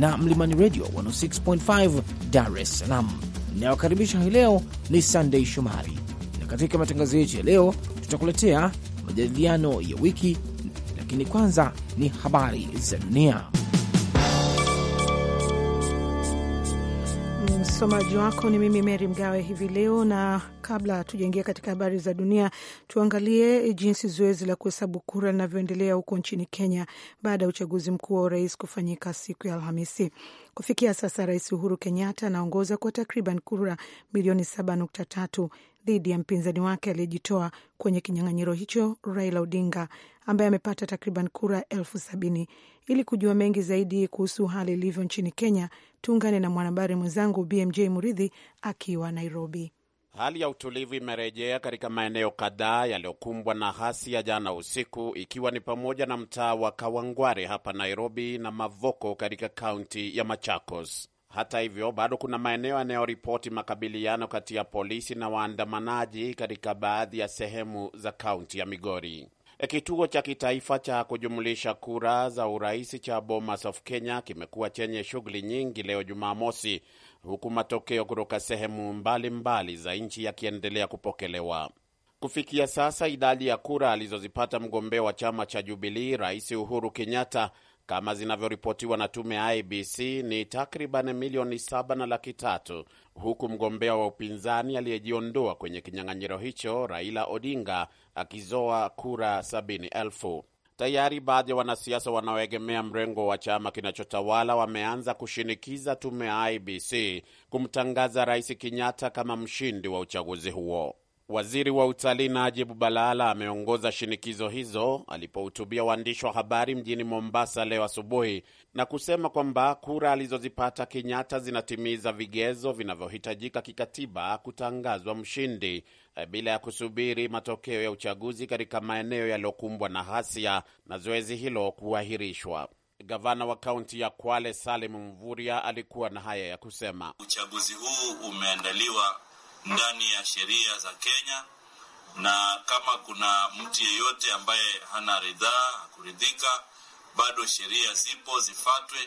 na Mlimani Radio 106.5 Dar es Salaam. Inayokaribisha hii leo ni Sandei Shomari, na katika matangazo yetu ya leo tutakuletea majadiliano ya wiki, lakini kwanza ni habari za dunia. Msomaji wako ni mimi Meri Mgawe hivi leo, na kabla tujaingia katika habari za dunia, tuangalie jinsi zoezi la kuhesabu kura linavyoendelea huko nchini Kenya baada ya uchaguzi mkuu wa urais kufanyika siku ya Alhamisi. Kufikia sasa, Rais Uhuru Kenyatta anaongoza kwa takriban kura milioni 7.3 dhidi ya mpinzani wake aliyejitoa kwenye kinyang'anyiro hicho Raila Odinga ambaye amepata takriban kura elfu sabini ili kujua mengi zaidi kuhusu hali ilivyo nchini Kenya, tuungane na mwanahabari mwenzangu BMJ Muridhi akiwa Nairobi. Hali ya utulivu imerejea katika maeneo kadhaa yaliyokumbwa na hasi ya jana usiku, ikiwa ni pamoja na mtaa wa Kawangware hapa Nairobi na Mavoko katika kaunti ya Machakos. Hata hivyo, bado kuna maeneo yanayoripoti makabiliano kati ya polisi na waandamanaji katika baadhi ya sehemu za kaunti ya Migori. Eh, kituo cha kitaifa cha kujumulisha kura za urais cha Bomas of Kenya kimekuwa chenye shughuli nyingi leo Jumamosi, huku matokeo kutoka sehemu mbalimbali za nchi yakiendelea kupokelewa. Kufikia sasa idadi ya kura alizozipata mgombea wa chama cha Jubilii Rais Uhuru Kenyatta kama zinavyoripotiwa na tume ya IBC ni takriban milioni saba na laki tatu, huku mgombea wa upinzani aliyejiondoa kwenye kinyang'anyiro hicho Raila Odinga akizoa kura sabini elfu. Tayari baadhi ya wanasiasa wanaoegemea mrengo wa chama kinachotawala wameanza kushinikiza tume ya IBC kumtangaza Rais Kenyatta kama mshindi wa uchaguzi huo. Waziri wa utalii Najib Balala ameongoza shinikizo hizo alipohutubia waandishi wa habari mjini Mombasa leo asubuhi na kusema kwamba kura alizozipata Kenyatta zinatimiza vigezo vinavyohitajika kikatiba kutangazwa mshindi eh, bila ya kusubiri matokeo ya uchaguzi katika maeneo yaliyokumbwa na ghasia na zoezi hilo kuahirishwa. Gavana wa kaunti ya Kwale Salim Mvuria alikuwa na haya ya kusema. Uchaguzi huu umeandaliwa ndani ya sheria za Kenya, na kama kuna mtu yeyote ambaye hana ridhaa, kuridhika, bado sheria zipo zifatwe.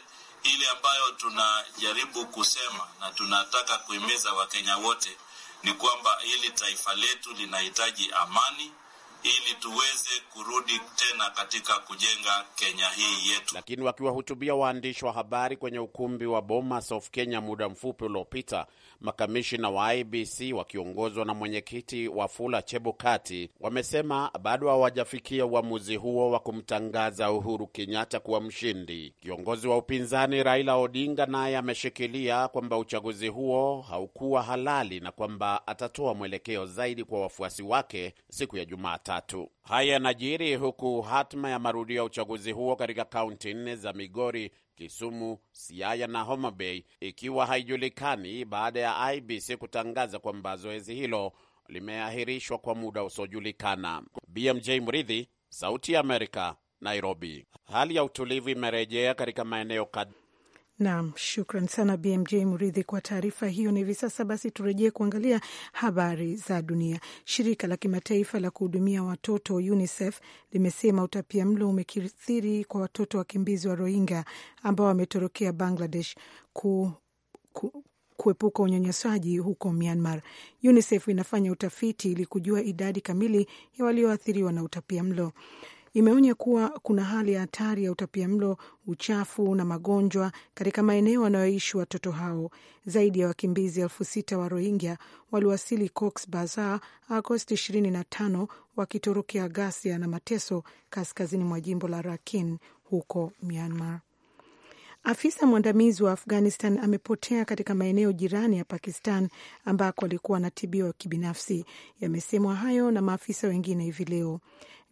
Ile ambayo tunajaribu kusema na tunataka kuhimiza Wakenya wote ni kwamba hili taifa letu linahitaji amani ili tuweze kurudi tena katika kujenga Kenya hii yetu. Lakini wakiwahutubia waandishi wa habari kwenye ukumbi wa Bomas of Kenya muda mfupi uliopita, Makamishina wa IBC wakiongozwa na mwenyekiti wa fula Chebukati wamesema bado hawajafikia uamuzi huo wa kumtangaza Uhuru Kenyatta kuwa mshindi. Kiongozi wa upinzani Raila Odinga naye ameshikilia kwamba uchaguzi huo haukuwa halali na kwamba atatoa mwelekeo zaidi kwa wafuasi wake siku ya Jumatatu. Haya yanajiri huku hatma ya marudio ya uchaguzi huo katika kaunti nne za Migori, Kisumu, Siaya na Homa Bay ikiwa haijulikani baada ya IBC kutangaza kwamba zoezi hilo limeahirishwa kwa muda usiojulikana. BMJ Mridhi, Sauti ya Amerika, Nairobi. Hali ya utulivu imerejea katika maeneo kadhaa Naam, shukran sana BMJ Mridhi kwa taarifa hiyo. Na hivi sasa basi, turejee kuangalia habari za dunia. Shirika la kimataifa la kuhudumia watoto UNICEF limesema utapia mlo umekithiri kwa watoto wakimbizi wa Rohingya ambao wametorokea Bangladesh ku, ku, kuepuka unyanyasaji huko Myanmar. UNICEF inafanya utafiti ili kujua idadi kamili ya walioathiriwa na utapia mlo imeonya kuwa kuna hali ya hatari ya utapiamlo, uchafu na magonjwa katika maeneo wanayoishi watoto hao. Zaidi ya wakimbizi elfu sita wa Rohingya waliwasili Cox Bazar Agosti 25 wakitorokea ghasia na mateso kaskazini mwa jimbo la Rakhine huko Myanmar. Afisa mwandamizi wa Afghanistan amepotea katika maeneo jirani ya Pakistan ambako alikuwa anatibiwa kibinafsi. Yamesemwa hayo na maafisa wengine hivi leo.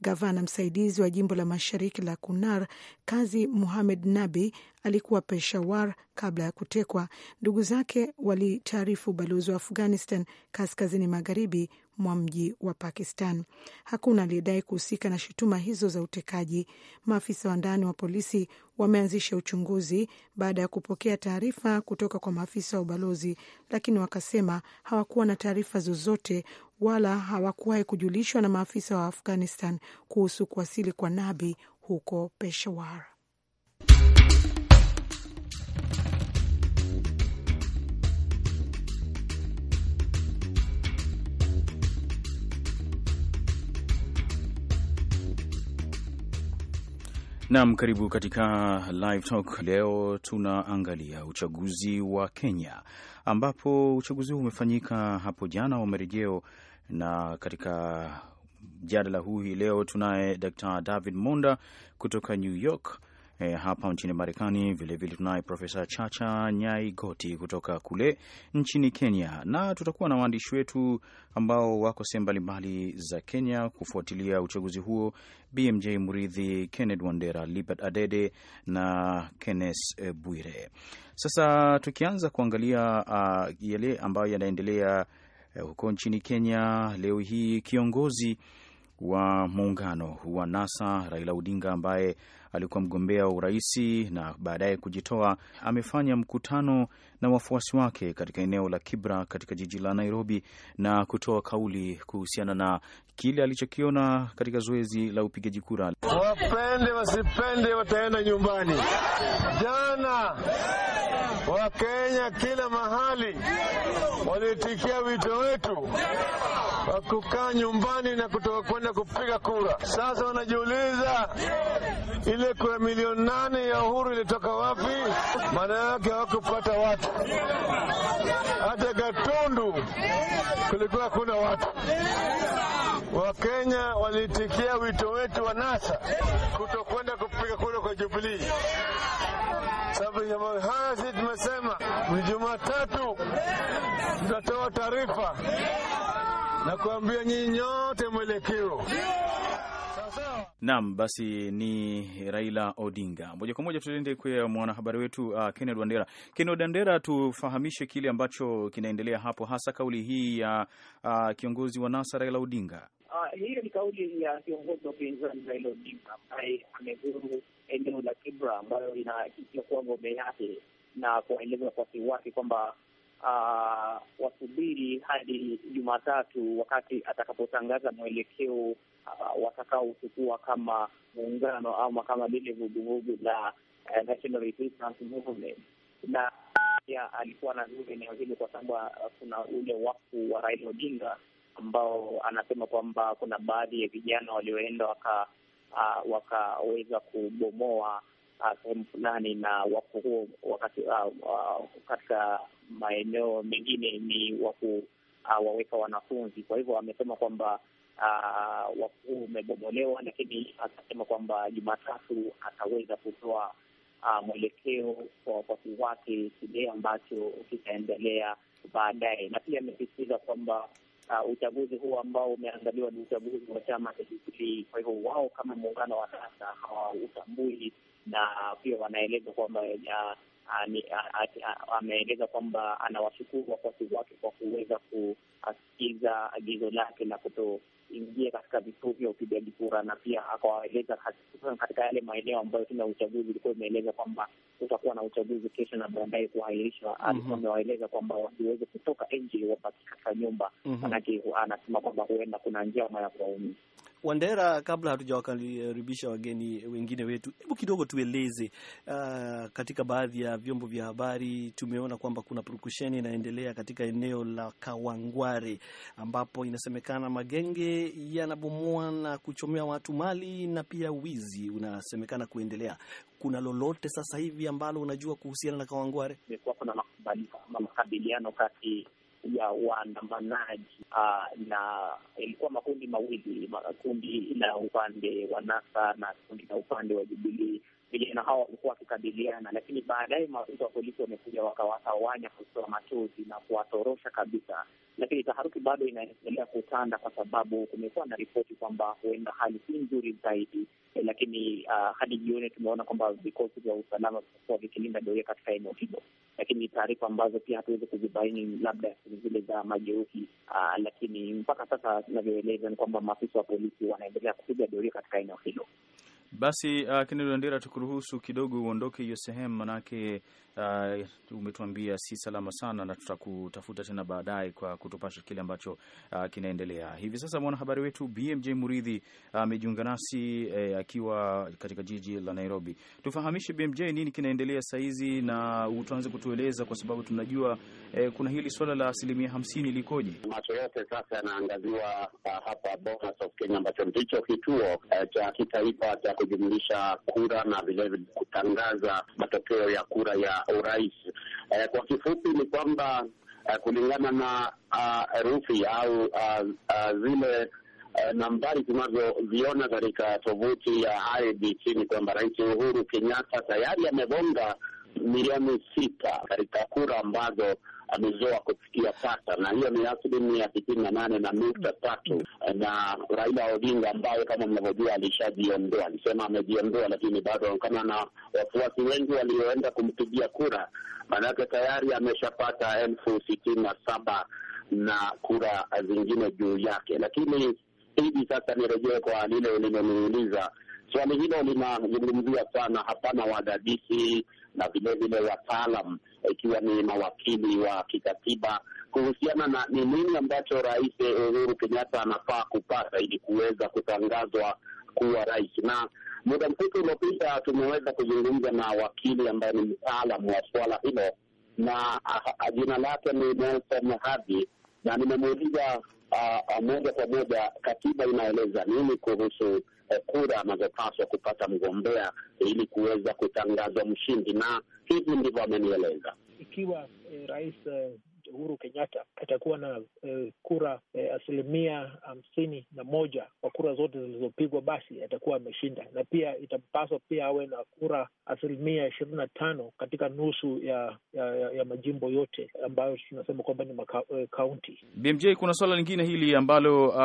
Gavana msaidizi wa jimbo la mashariki la Kunar, Kazi Muhamed Nabi, alikuwa Peshawar kabla ya kutekwa. Ndugu zake walitaarifu ubalozi wa Afghanistan kaskazini magharibi mwa mji wa Pakistan. Hakuna aliyedai kuhusika na shutuma hizo za utekaji. Maafisa wa ndani wa polisi wameanzisha uchunguzi baada ya kupokea taarifa kutoka kwa maafisa wa ubalozi, lakini wakasema hawakuwa na taarifa zozote wala hawakuwahi kujulishwa na maafisa wa Afghanistan kuhusu kuwasili kwa Nabi huko Peshawar. Naam, karibu katika Live Talk. Leo tunaangalia uchaguzi wa Kenya, ambapo uchaguzi huu umefanyika hapo jana wa marejeo, na katika mjadala huu hii leo tunaye Dr. David Monda kutoka New York e, hapa nchini Marekani. Vilevile tunaye Profesa Chacha Nyai Goti kutoka kule nchini Kenya, na tutakuwa na waandishi wetu ambao wako sehemu mbalimbali za Kenya kufuatilia uchaguzi huo, BMJ Muridhi, Kenneth Wandera, Libert Adede na Kenneth e, Bwire. Sasa tukianza kuangalia uh, yale ambayo yanaendelea uh, huko nchini Kenya leo hii, kiongozi wa muungano wa NASA Raila Odinga ambaye alikuwa mgombea wa uraisi na baadaye kujitoa, amefanya mkutano na wafuasi wake katika eneo la Kibra katika jiji la Nairobi na kutoa kauli kuhusiana na kile alichokiona katika zoezi la upigaji kura. Wapende wasipende, wataenda nyumbani. Jana Wakenya kila mahali waliitikia wito wetu wakukaa nyumbani na kutoka kwenda kupiga kura. Sasa wanajiuliza ile kura milioni nane ya uhuru ilitoka wapi? Maana yake hawakupata watu, hata Gatundu kulikuwa hakuna watu. Wakenya waliitikia wito wetu wa NASA kutokwenda kupiga kura kwa Jubilii. Sababu haya si tumesema ni Jumatatu tutatoa taarifa na kuambia nyinyi nyote mwelekeo Naam, basi ni Raila Odinga. Moja kwa moja tuende kwa mwanahabari wetu uh, Kenneth Wandera. Kenneth Wandera, tufahamishe kile ambacho kinaendelea hapo, hasa kauli hii ya uh, uh, kiongozi wa NASA Raila Odinga. Uh, hiyo ni kauli ya kiongozi wa upinzani Raila Odinga ambaye amezuru eneo la Kibra ambayo inaakisia kuwa ngome yake na kuwaeleza wafuasi wake kwamba uh, wasubiri hadi Jumatatu wakati atakapotangaza mwelekeo uh, watakaochukua kama muungano ama kama lile vuguvugu la uh, National Resistance Movement na pia alikuwa anazuru eneo hili kwa sababu uh, kuna ule wafu wa Raila Odinga ambao anasema kwamba kuna baadhi ya vijana walioenda waka uh, wakaweza kubomoa uh, sehemu uh, fulani na wafu huo wakati, uh, uh, katika maeneo mengine ni waku uh, waweka wanafunzi. Kwa hivyo amesema kwamba uh, wakuu umebomolewa, lakini akasema kwamba Jumatatu ataweza kutoa uh, mwelekeo kwa wafuasi wake kile ambacho kitaendelea baadaye, na pia amesisitiza kwamba uh, uchaguzi huu ambao umeandaliwa ni uchaguzi wa chama cha Jubilii. Kwa hivyo wao kama muungano wa sasa hawautambui, na pia wanaeleza kwamba uh, ameeleza kwamba anawashukuru wafuasi wake kwa kuweza kusikiza agizo lake la kutoingia katika vituo vya upigaji kura, na pia akawaeleza hususan katika yale maeneo ambayo tume ya uchaguzi ilikuwa imeeleza kwamba kutakuwa na uchaguzi kesho na baadaye kuahirishwa. Mhm. Alikuwa amewaeleza kwamba wasiweze kutoka nje, wabaki katika nyumba, mhm. manake anasema kwamba huenda kuna njama ya kuwaumia. Wandera, kabla hatujawakaribisha wageni wengine wetu, hebu kidogo tueleze uh, katika baadhi ya vyombo vya habari tumeona kwamba kuna purukusheni inaendelea katika eneo la Kawangware ambapo inasemekana magenge yanabomoa na kuchomea watu mali na pia wizi unasemekana kuendelea. Kuna lolote sasa hivi ambalo unajua kuhusiana na Kawangware? Kuna makubaliano kati ya waandamanaji uh, na ilikuwa makundi mawili, kundi la upande wa NASA na kundi la upande wa Jubilii vijana hao walikuwa wakikabiliana, lakini baadaye maafisa wa polisi wamekuja wakawatawanya kutoa machozi na kuwatorosha kabisa. Lakini taharuki bado inaendelea kutanda, kwa sababu kumekuwa na ripoti kwamba huenda hali si nzuri zaidi, lakini uh, hadi jioni tumeona kwamba vikosi vya usalama vimekuwa vikilinda doria katika eneo hilo, lakini taarifa ambazo pia hatuwezi kuzibaini, labda ni zile za majeruhi uh, ah, lakini mpaka sasa tunavyoeleza ni kwamba maafisa wa polisi wanaendelea kupiga doria katika eneo hilo. Basi uh, Kennedy Wandera, tukuruhusu kidogo uondoke hiyo sehemu, manake uh, umetuambia si salama sana, na tutakutafuta tena baadaye kwa kutupasha kile ambacho uh, kinaendelea hivi sasa. Mwanahabari wetu BMJ Muridhi uh, amejiunga uh, nasi uh, akiwa katika jiji la Nairobi. Tufahamishe BMJ, nini kinaendelea saizi, na tuanze kutueleza kwa sababu tunajua uh, kuna hili swala la asilimia hamsini likoje. Macho yote sasa yanaangaziwa uh, hapa Bomas of Kenya ambacho ndicho kituo uh, cha kitaifa cha kujumlisha kura na vilevile kutangaza matokeo ya kura ya urais. Eh, kwa kifupi ni kwamba eh, kulingana na uh, herufi au uh, uh, zile Uh, nambari tunazoziona katika tovuti ya IEBC ni kwamba Rais Uhuru Kenyatta tayari amegonga milioni sita katika kura ambazo amezoa kufikia sasa, na hiyo ni asilimia sitini na nane na nukta tatu. Eh, na Raila Odinga ambaye kama mnavyojua alishajiondoa, alisema amejiondoa, lakini bado kama na wafuasi wengi walioenda kumpigia kura, maanake tayari ameshapata elfu sitini na saba na kura zingine juu yake. Lakini hivi sasa nirejee kwa lile uliloniuliza. Swali hilo linazungumziwa sana hapana, wadadisi na vilevile wataalam ikiwa ni mawakili wa kikatiba kuhusiana na ni nini ambacho Rais Uhuru Kenyatta anafaa kupata ili kuweza kutangazwa kuwa rais. Na muda mfupi uliopita tumeweza kuzungumza na wakili ambaye ni mtaalam wa suala hilo na ah, jina lake ni Nelson Hadhi, na nimemuuliza ah, ah, moja kwa moja katiba inaeleza nini kuhusu Eh, kura anazopaswa kupata mgombea ili kuweza kutangazwa mshindi, na hivi ndivyo amenieleza. Ikiwa eh, rais eh, Uhuru Kenyatta atakuwa na eh, kura eh, asilimia hamsini na moja kwa kura zote zilizopigwa, basi atakuwa ameshinda, na pia itapaswa pia awe na kura asilimia ishirini na tano katika nusu ya, ya, ya majimbo yote ambayo tunasema kwamba ni kaunti. Eh, BMJ, kuna swala lingine hili ambalo uh,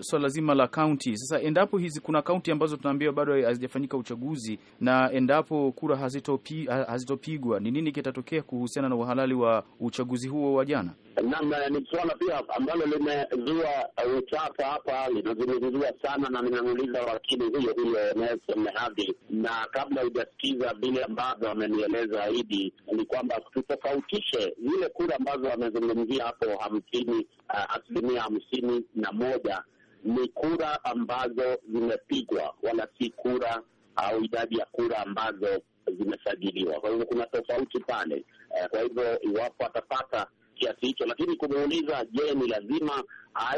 swala zima la kaunti sasa, endapo hizi kuna kaunti ambazo tunaambiwa bado hazijafanyika uchaguzi, na endapo kura hazitopigwa, ni nini kitatokea kuhusiana na uhalali wa uchaguzi huo wa jana. Naam, eh, ni suala pia ambalo limezua eh, utata hapa, linazungumziwa sana na nimemuuliza wakili huyo huyo Nelson Mehadi, na kabla hujasikiza vile ambavyo amenieleza Idi, ni kwamba tutofautishe zile kura ambazo amezungumzia hapo hamsini, uh, asilimia hamsini na moja ni kura ambazo zimepigwa, wala si kura au idadi ya kura ambazo zimesajiliwa. Kwa hivyo kuna tofauti pale. Kwa hivyo iwapo atapata kiasi hicho, lakini kumuuliza je, ni lazima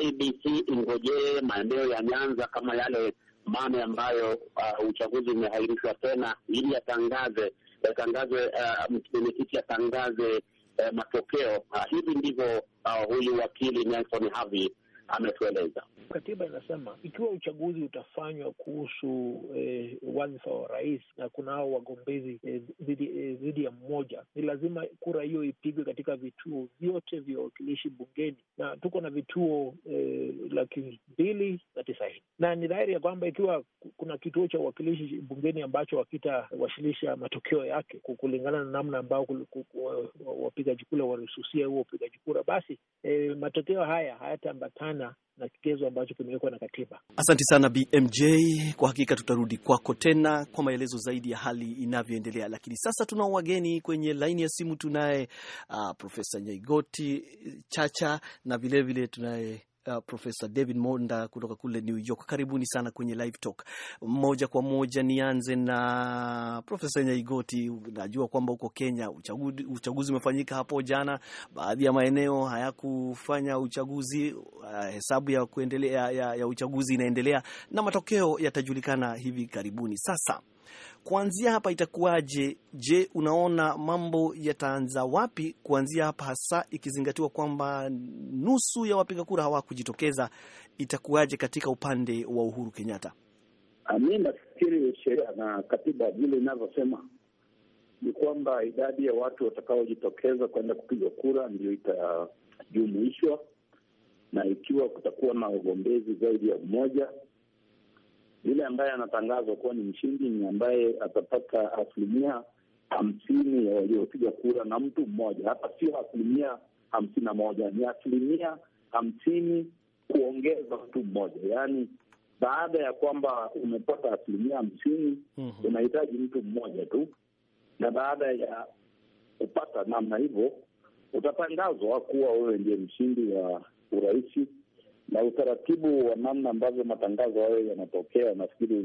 IBC ingojee maeneo ya Nyanza kama yale mane ambayo uh, uchaguzi umehairishwa tena ili atangaze atangaze uh, mwenyekiti atangaze uh, matokeo. Uh, hivi ndivyo huyu wakili Nelson Havi ametueleza. Katiba inasema ikiwa uchaguzi utafanywa kuhusu eh, wadhifa wa rais na kuna hao wagombezi eh, dhidi eh, ya mmoja, ni lazima kura hiyo ipigwe katika vituo vyote vya wakilishi bungeni, na tuko na vituo eh, laki mbili na tisaini, na ni dhahiri ya kwamba ikiwa kuna kituo cha uwakilishi bungeni ambacho hakitawasilisha matokeo yake kulingana na namna ambao wapigaji kura walisusia huo upigaji kura, basi eh, matokeo haya hayataambatana kulingana na kigezo ambacho kimewekwa na katiba. Asante sana BMJ, kwa hakika tutarudi kwako tena kwa maelezo zaidi ya hali inavyoendelea, lakini sasa tunao wageni kwenye laini ya simu. Tunaye uh, Profesa Nyaigoti Chacha na vilevile tunaye uh, Profesa David Monda kutoka kule New York. Karibuni sana kwenye Live Talk. Moja kwa moja nianze na Profesa Nyaigoti, najua kwamba huko Kenya uchaguzi, uchaguzi umefanyika hapo jana, baadhi ya maeneo hayakufanya uchaguzi. Uh, hesabu ya kuendelea ya, ya uchaguzi inaendelea na matokeo yatajulikana hivi karibuni. Sasa kuanzia hapa itakuwaje? Je, unaona mambo yataanza wapi kuanzia hapa, hasa ikizingatiwa kwamba nusu ya wapiga kura hawakujitokeza? Itakuwaje katika upande wa Uhuru Kenyatta? Ah, mi nafikiri sheria na katiba vile inavyosema ni kwamba idadi ya watu watakaojitokeza kwenda kupiga kura ndio itajumuishwa, na ikiwa kutakuwa na ugombezi zaidi ya mmoja yule ambaye anatangazwa kuwa ni mshindi ni ambaye atapata asilimia hamsini ya waliopiga kura na mtu mmoja. Hapa sio asilimia hamsini na moja, ni asilimia hamsini kuongeza mtu mmoja, yaani baada ya kwamba umepata asilimia hamsini mm -hmm. unahitaji mtu mmoja tu, na baada ya kupata namna hivyo utatangazwa kuwa wewe ndiye mshindi wa urahisi na utaratibu wa namna ambavyo matangazo hayo yanatokea, nafikiri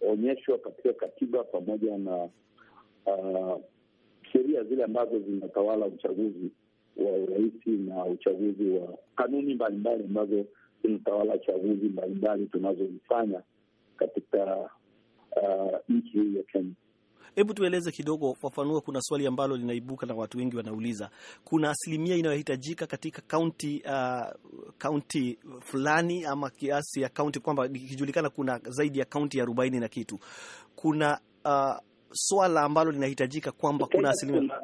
unaonyeshwa katika katiba pamoja na uh, sheria zile ambazo zinatawala uchaguzi wa urais na uchaguzi wa kanuni mbalimbali ambazo zinatawala chaguzi mbalimbali tunazozifanya katika uh, nchi hii ya Kenya. Hebu tueleze kidogo, fafanua. Kuna swali ambalo linaibuka na watu wengi wanauliza, kuna asilimia inayohitajika katika kaunti kaunti uh, fulani ama kiasi ya kaunti, kwamba ikijulikana kuna zaidi ya kaunti ya arobaini na kitu, kuna uh, swala ambalo linahitajika kwamba kuna asilimia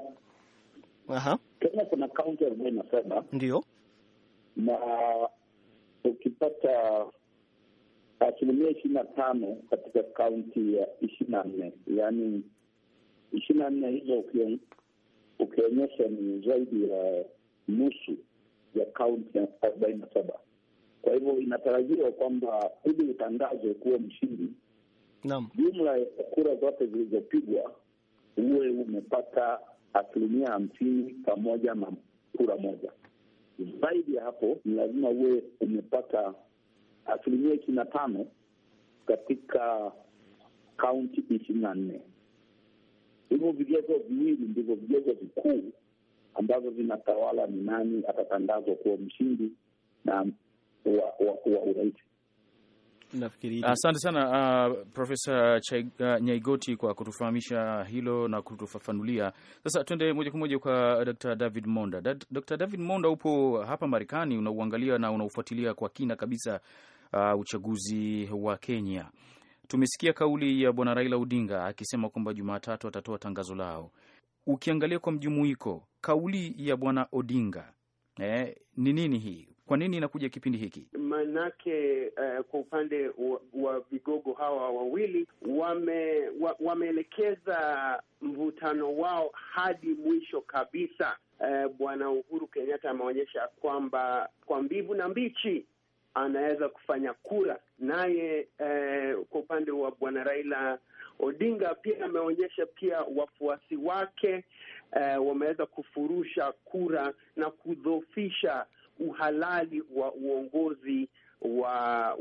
Aha. Kenya kuna kaunti arobaini na saba ndio, na ukipata asilimia ishirini na tano katika kaunti ya ishirini na nne yaani ishirini na nne hizo ukionyesha ni zaidi ya nusu ya kaunti ya arobaini na saba. Kwa hivyo inatarajiwa kwamba hili utangazo kuwa mshindi, naam, jumla ya kura zote zilizopigwa uwe umepata asilimia hamsini pamoja na kura moja. Zaidi ya hapo, ni lazima uwe umepata asilimia ishirini na tano katika kaunti ishirini na nne. Hivyo vigezo viwili ndivyo vigezo vikuu ambavyo vinatawala ni nani atatangazwa kuwa mshindi na wa urais. Asante sana uh, Profesa uh, Nyaigoti kwa kutufahamisha hilo na kutufafanulia. Sasa tuende moja kwa moja kwa Dr. David Monda. Dr. David Monda, upo hapa Marekani, unauangalia na unaufuatilia kwa kina kabisa uh, uchaguzi wa Kenya. Tumesikia kauli ya bwana Raila Odinga akisema kwamba Jumatatu atatoa tangazo lao. Ukiangalia kwa mjumuiko, kauli ya bwana Odinga eh, ni nini hii? Kwa nini inakuja kipindi hiki? Manake uh, kwa upande wa, wa vigogo hawa wawili wame, wa, wameelekeza mvutano wao hadi mwisho kabisa. Uh, bwana Uhuru Kenyatta ameonyesha kwamba kwa mbivu na mbichi anaweza kufanya kura naye. Eh, kwa upande wa bwana Raila Odinga pia ameonyesha pia wafuasi wake eh, wameweza kufurusha kura na kudhoofisha uhalali wa uongozi wa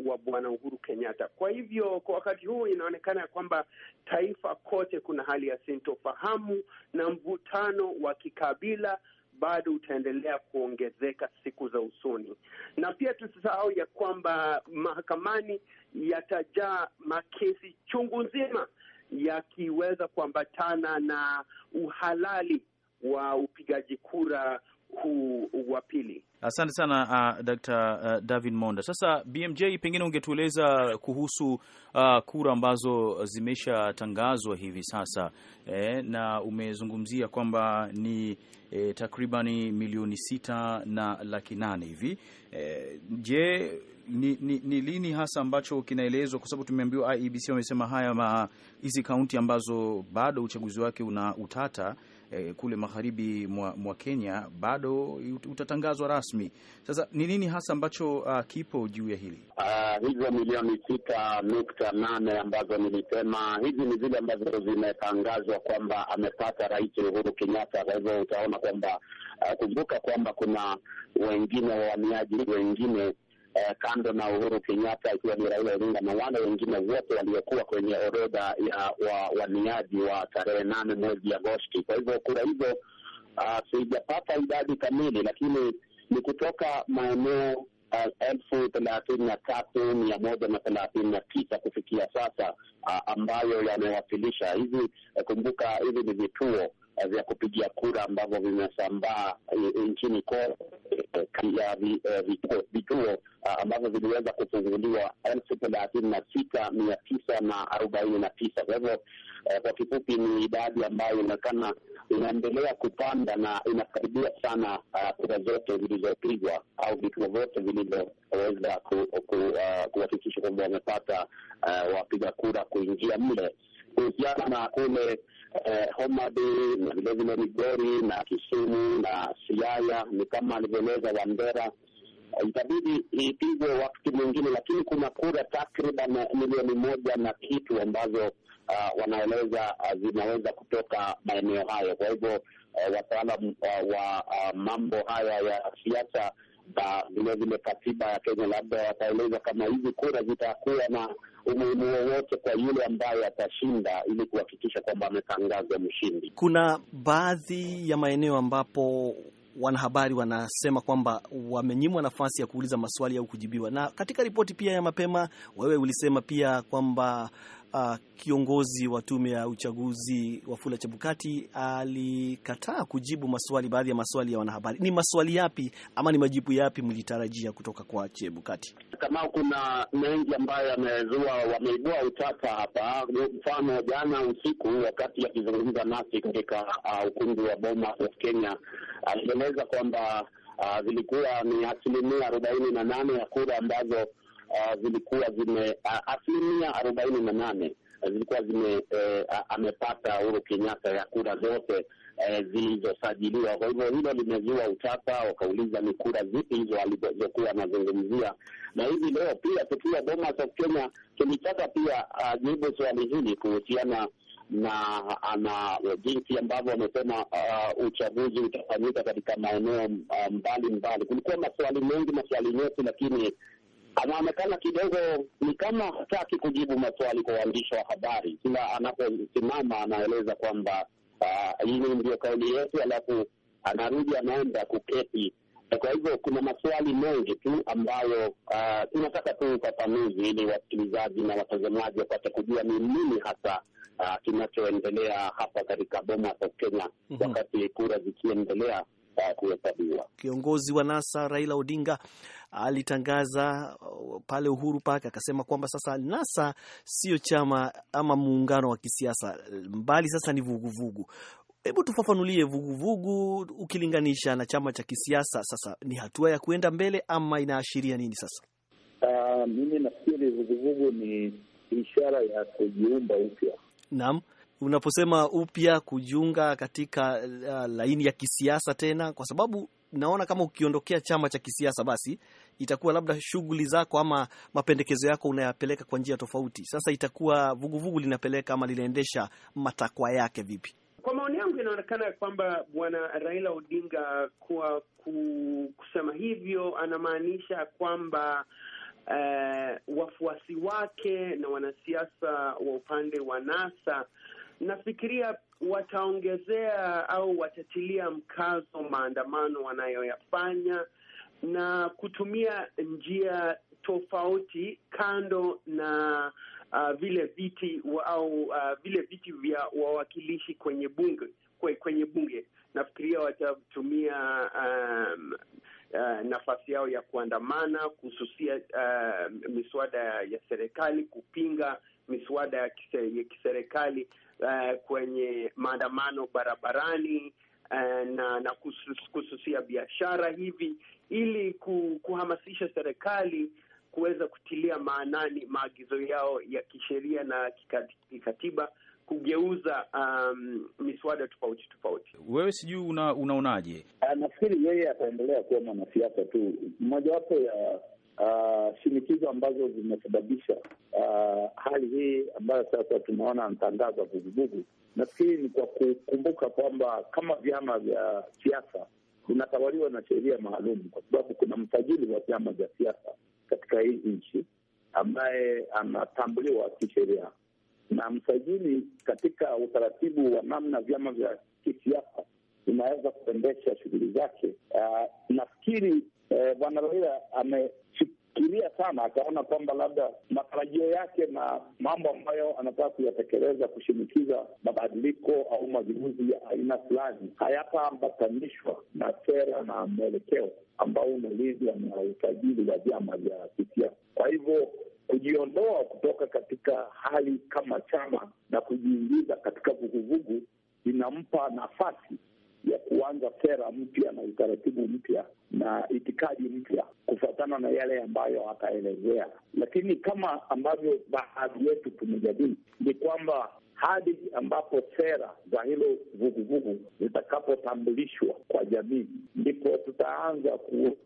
wa bwana Uhuru Kenyatta. Kwa hivyo kwa wakati huu inaonekana ya kwamba taifa kote kuna hali ya sintofahamu na mvutano wa kikabila bado utaendelea kuongezeka siku za usoni, na pia tusisahau ya kwamba mahakamani yatajaa makesi chungu nzima yakiweza kuambatana na uhalali wa upigaji kura huu wa pili. Asante sana uh, Dr. Uh, David Monda. Sasa BMJ, pengine ungetueleza kuhusu uh, kura ambazo zimeshatangazwa hivi sasa eh, na umezungumzia kwamba ni eh, takribani milioni sita na laki nane hivi eh, je ni, ni, ni lini hasa ambacho kinaelezwa? Kwa sababu tumeambiwa IEBC wamesema haya hizi kaunti ambazo bado uchaguzi wake una utata eh, kule magharibi mwa, mwa Kenya bado utatangazwa rasmi. Sasa ni nini hasa ambacho uh, kipo juu ya hili uh, hizo milioni sita nukta nane ambazo nilisema hizi ni zile ambazo zimetangazwa kwamba amepata Rais Uhuru Kenyatta. Kwa hivyo utaona kwamba uh, kumbuka kwamba kuna wengine wahamiaji wengine eh, kando na Uhuru Kenyatta ikiwa ni Raila Odinga na wale wengine wote waliokuwa kwenye orodha ya waniaji wa, wa tarehe nane mwezi Agosti. Kwa hivyo kura hizo uh, sijapata idadi kamili, lakini ni kutoka maeneo ah, elfu thelathini na tatu mia moja na thelathini na tisa kufikia sasa, uh, ambayo yamewasilisha hizi. Eh, kumbuka hivi ni vituo Eh, vya kupigia kura ambavyo vimesambaa eh, nchini Kongo ya eh, vituo ah, ambavyo viliweza kufunguliwa elfu thelathini na sita mia tisa na arobaini na tisa. Kwa hivyo kwa kifupi, ni idadi ambayo inaonekana inaendelea kupanda na inakaribia sana ah, kura zote zilizopigwa au vituo vyote vilivyoweza ah, kuhakikisha kwamba wamepata wapiga kura kuingia mle kuhusiana na kule eh, Homa na vilevile Migori na Kisumu na Siaya, ni kama alivyoeleza Wandera, itabidi ipigwe wakati mwingine, lakini kuna kura takriban milioni moja na kitu ambazo uh, wanaeleza uh, zinaweza kutoka maeneo hayo. Kwa hivyo uh, eh, wataalam uh, ah, wa uh, mambo haya ya siasa na vilevile katiba ya Kenya, labda wataeleza kama hizi kura zitakuwa na umuhimu wowote kwa yule ambaye atashinda, ili kuhakikisha kwamba ametangazwa mshindi. Kuna baadhi ya maeneo ambapo wanahabari wanasema kwamba wamenyimwa nafasi ya kuuliza maswali au kujibiwa. Na katika ripoti pia ya mapema, wewe ulisema pia kwamba uh, kiongozi wa tume ya uchaguzi Wafula Chebukati alikataa kujibu maswali, baadhi ya maswali ya wanahabari. Ni maswali yapi ama ni majibu yapi mlitarajia kutoka kwa Chebukati? Kama kuna mengi ambayo yamezua, wameibua utata hapa. Mfano, jana usiku wakati akizungumza nasi katika uh, ukumbi wa boma of Kenya alieleza kwamba uh, zilikuwa ni asilimia arobaini na nane ya kura ambazo uh, zilikuwa zime uh, asilimia arobaini na nane eh, zilikuwa zime uh, amepata Uhuru Kenyatta ya kura zote uh, zilizosajiliwa. Kwa hivyo hilo limezua utata, wakauliza ni kura zipi hizo alizokuwa anazungumzia. Na hivi leo pia tukiwa Bomas of Kenya tulitaka pia uh, jibu swali hili kuhusiana na ana jinsi ambavyo wamesema uh, uchaguzi utafanyika katika maeneo mbalimbali Kulikuwa maswali mengi, maswali nyeti, lakini anaonekana kidogo ni kama hataki kujibu maswali kwa waandishi wa habari. Kila anaposimama anaeleza kwamba ah, hili ndio kauli yetu, alafu anarudi anaenda kuketi. Kwa hivyo kuna maswali mengi tu ambayo ah, tunataka tu ufafanuzi, ili wasikilizaji na watazamaji wapate kujua ni nini hasa ah, kinachoendelea hapa katika Bomas of Kenya, mhm. wakati kura zikiendelea kuhesabiwa. Kiongozi wa NASA Raila Odinga alitangaza uh, pale Uhuru Park akasema kwamba sasa NASA sio chama ama muungano wa kisiasa mbali, sasa ni vuguvugu. Hebu tufafanulie vuguvugu, ukilinganisha na chama cha kisiasa, sasa ni hatua ya kuenda mbele ama inaashiria nini sasa? Uh, mimi nafikiri vuguvugu ni ishara ya kujiumba upya. Naam unaposema upya kujiunga katika uh, laini ya kisiasa tena, kwa sababu naona kama ukiondokea chama cha kisiasa basi itakuwa labda shughuli zako ama mapendekezo yako unayapeleka kwa njia tofauti. Sasa itakuwa vuguvugu linapeleka ama linaendesha matakwa yake vipi? Kwa maoni yangu inaonekana kwamba bwana Raila Odinga kwa kusema hivyo anamaanisha kwamba uh, wafuasi wake na wanasiasa wa upande wa NASA nafikiria wataongezea au watatilia mkazo maandamano wanayoyafanya na kutumia njia tofauti kando na uh, vile viti au uh, vile viti vya wawakilishi kwenye bunge kwenye bunge. Nafikiria watatumia um, uh, nafasi yao ya kuandamana kususia uh, miswada ya serikali, kupinga miswada ya kiserikali uh, kwenye maandamano barabarani uh, na, na kususia biashara hivi, ili kuhamasisha serikali kuweza kutilia maanani maagizo yao ya kisheria na kikatiba kugeuza um, miswada tofauti tofauti. Wewe sijui una, unaonaje? Ah, nafikiri yeye ataendelea kuwa mwanasiasa tu. Mojawapo ya uh, shinikizo ambazo zimesababisha uh, hali hii ambayo sasa tunaona anatangaza vuguvugu, nafikiri ni kwa kukumbuka kwamba kama vyama vya siasa vinatawaliwa na sheria maalum, kwa sababu kuna msajili wa vyama vya siasa katika hii nchi ambaye anatambuliwa kisheria na msajili katika utaratibu wa namna vyama vya kisiasa inaweza kuendesha shughuli zake. Uh, nafikiri eh, bwana uh, Raila amefikiria sana, akaona kwamba labda matarajio yake na mambo ambayo anataka kuyatekeleza, kushinikiza mabadiliko au mageuzi ya aina fulani, hayataambatanishwa na sera na mwelekeo ambao unaulizwa na usajili wa vyama vya kisiasa. Kwa hivyo kujiondoa kutoka katika hali kama chama na kujiingiza katika vuguvugu inampa nafasi ya kuanza sera mpya na utaratibu mpya na itikadi mpya kufuatana na yale ambayo ataelezea. Lakini kama ambavyo baadhi yetu tumejadili, ni kwamba hadi ambapo sera za hilo vuguvugu zitakapotambulishwa kwa jamii, ndipo tutaanza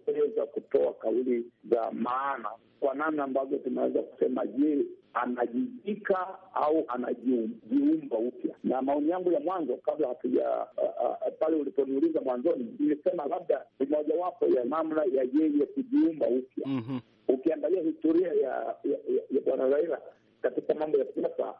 kuweza kutoa kauli za maana kwa namna ambavyo tunaweza kusema, je, anajijika au anajiumba upya. Na maoni yangu ya mwanzo kabla hatuja uh, uh, pale uliponiuliza mwanzoni, nilisema labda ni mojawapo ya namna ya yeye kujiumba upya. mm -hmm. Ukiangalia historia ya, ya, ya, ya Bwana Raila katika mambo ya siasa,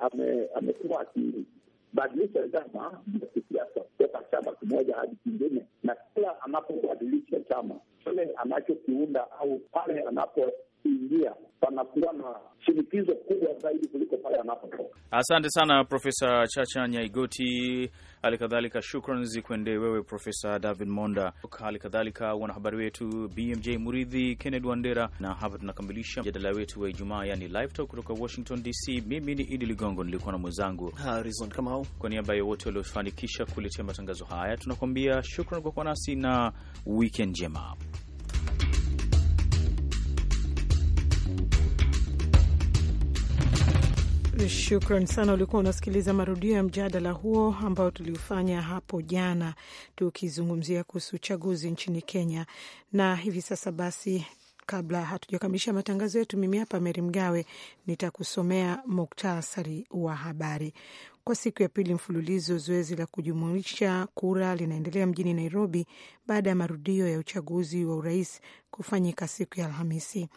amekuwa akibadilisha chama ya kisiasa kutoka chama kimoja hadi kingine, na kila anapobadilisha chama kile anachokiunda au pale anapo wanapoingia panakuwa na shinikizo kubwa zaidi kuliko pale anapotoka. Asante sana Profesa Chacha Nyaigoti, hali kadhalika shukran zikwende wewe Profesa David Monda, hali kadhalika wanahabari wetu BMJ Muridhi, Kennedy Wandera, na hapa tunakamilisha mjadala wetu wa Ijumaa, yani live talk kutoka Washington DC. Mimi ni Idi Ligongo, nilikuwa na mwenzangu Harrison Kamau. Kwa niaba ya wote waliofanikisha kuletea matangazo haya, tunakuambia shukran kwa kuwa nasi na wikendi njema. Shukran sana. Ulikuwa unasikiliza marudio ya mjadala huo ambao tuliufanya hapo jana tukizungumzia kuhusu uchaguzi nchini Kenya. Na hivi sasa basi, kabla hatujakamilisha matangazo yetu, mimi hapa Meri Mgawe nitakusomea muktasari wa habari. Kwa siku ya pili mfululizo, zoezi la kujumuisha kura linaendelea mjini Nairobi baada ya marudio ya uchaguzi wa urais kufanyika siku ya Alhamisi.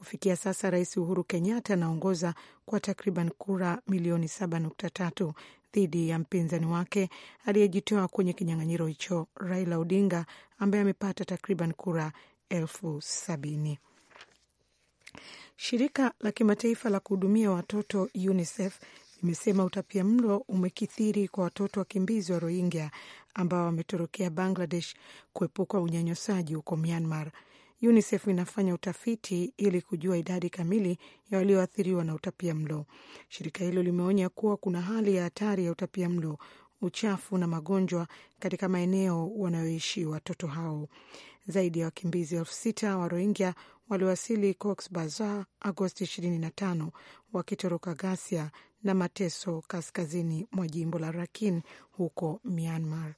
Kufikia sasa Rais Uhuru Kenyatta anaongoza kwa takriban kura milioni 7.3 dhidi ya mpinzani wake aliyejitoa kwenye kinyang'anyiro hicho Raila Odinga ambaye amepata takriban kura elfu sabini. Shirika la kimataifa la kuhudumia watoto UNICEF limesema utapia mlo umekithiri kwa watoto wakimbizi wa Rohingya ambao wametorokea Bangladesh kuepuka unyanyasaji huko Myanmar. UNICEF inafanya utafiti ili kujua idadi kamili ya walioathiriwa na utapia mlo. Shirika hilo limeonya kuwa kuna hali ya hatari ya utapia mlo, uchafu na magonjwa katika maeneo wanayoishi watoto hao. Zaidi ya wakimbizi elfu sita wa Rohingya waliwasili Cox Bazar Agosti 25 wakitoroka ghasia na mateso kaskazini mwa jimbo la Rakhine huko Myanmar.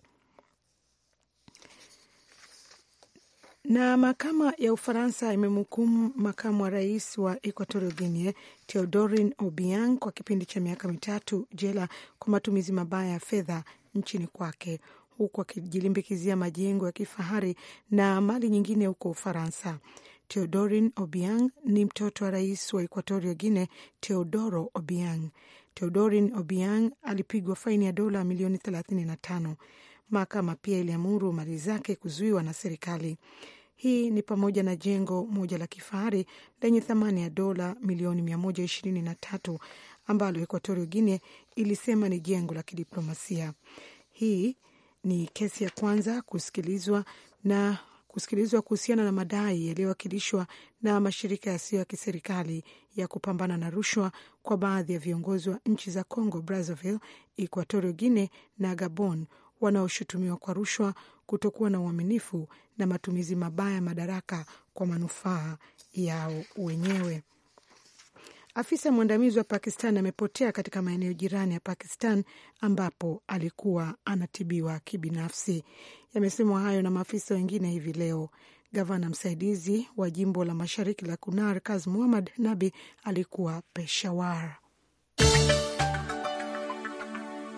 Na mahakama ya Ufaransa imemhukumu makamu wa rais wa Equatorio Guinea Theodorin Obiang kwa kipindi cha miaka mitatu jela kwa matumizi mabaya ya fedha nchini kwake huku akijilimbikizia majengo ya kifahari na mali nyingine huko Ufaransa. Theodorin Obiang ni mtoto wa rais wa Equatorio guine Teodoro Obiang. Teodorin Obiang alipigwa faini ya dola milioni tano. Mahakama pia iliamuru mali zake kuzuiwa na serikali. Hii ni pamoja na jengo moja la kifahari lenye thamani ya dola milioni tatu ambalo Equatorio Guinea ilisema ni jengo la kidiplomasia. Hii ni kesi ya kwanza kusikilizwa na kusikilizwa kuhusiana na madai yaliyowakilishwa na mashirika yasiyo ya kiserikali ya kupambana na rushwa kwa baadhi ya viongozi wa nchi za Congo Brazzaville, Equatorio Guinea na Gabon wanaoshutumiwa kwa rushwa, kutokuwa na uaminifu na matumizi mabaya ya madaraka kwa manufaa yao wenyewe. Afisa mwandamizi wa Pakistan amepotea katika maeneo jirani ya Pakistan ambapo alikuwa anatibiwa kibinafsi. Yamesemwa hayo na maafisa wengine hivi leo. Gavana msaidizi wa jimbo la mashariki la Kunar, Kaz Muhammad Nabi, alikuwa Peshawar.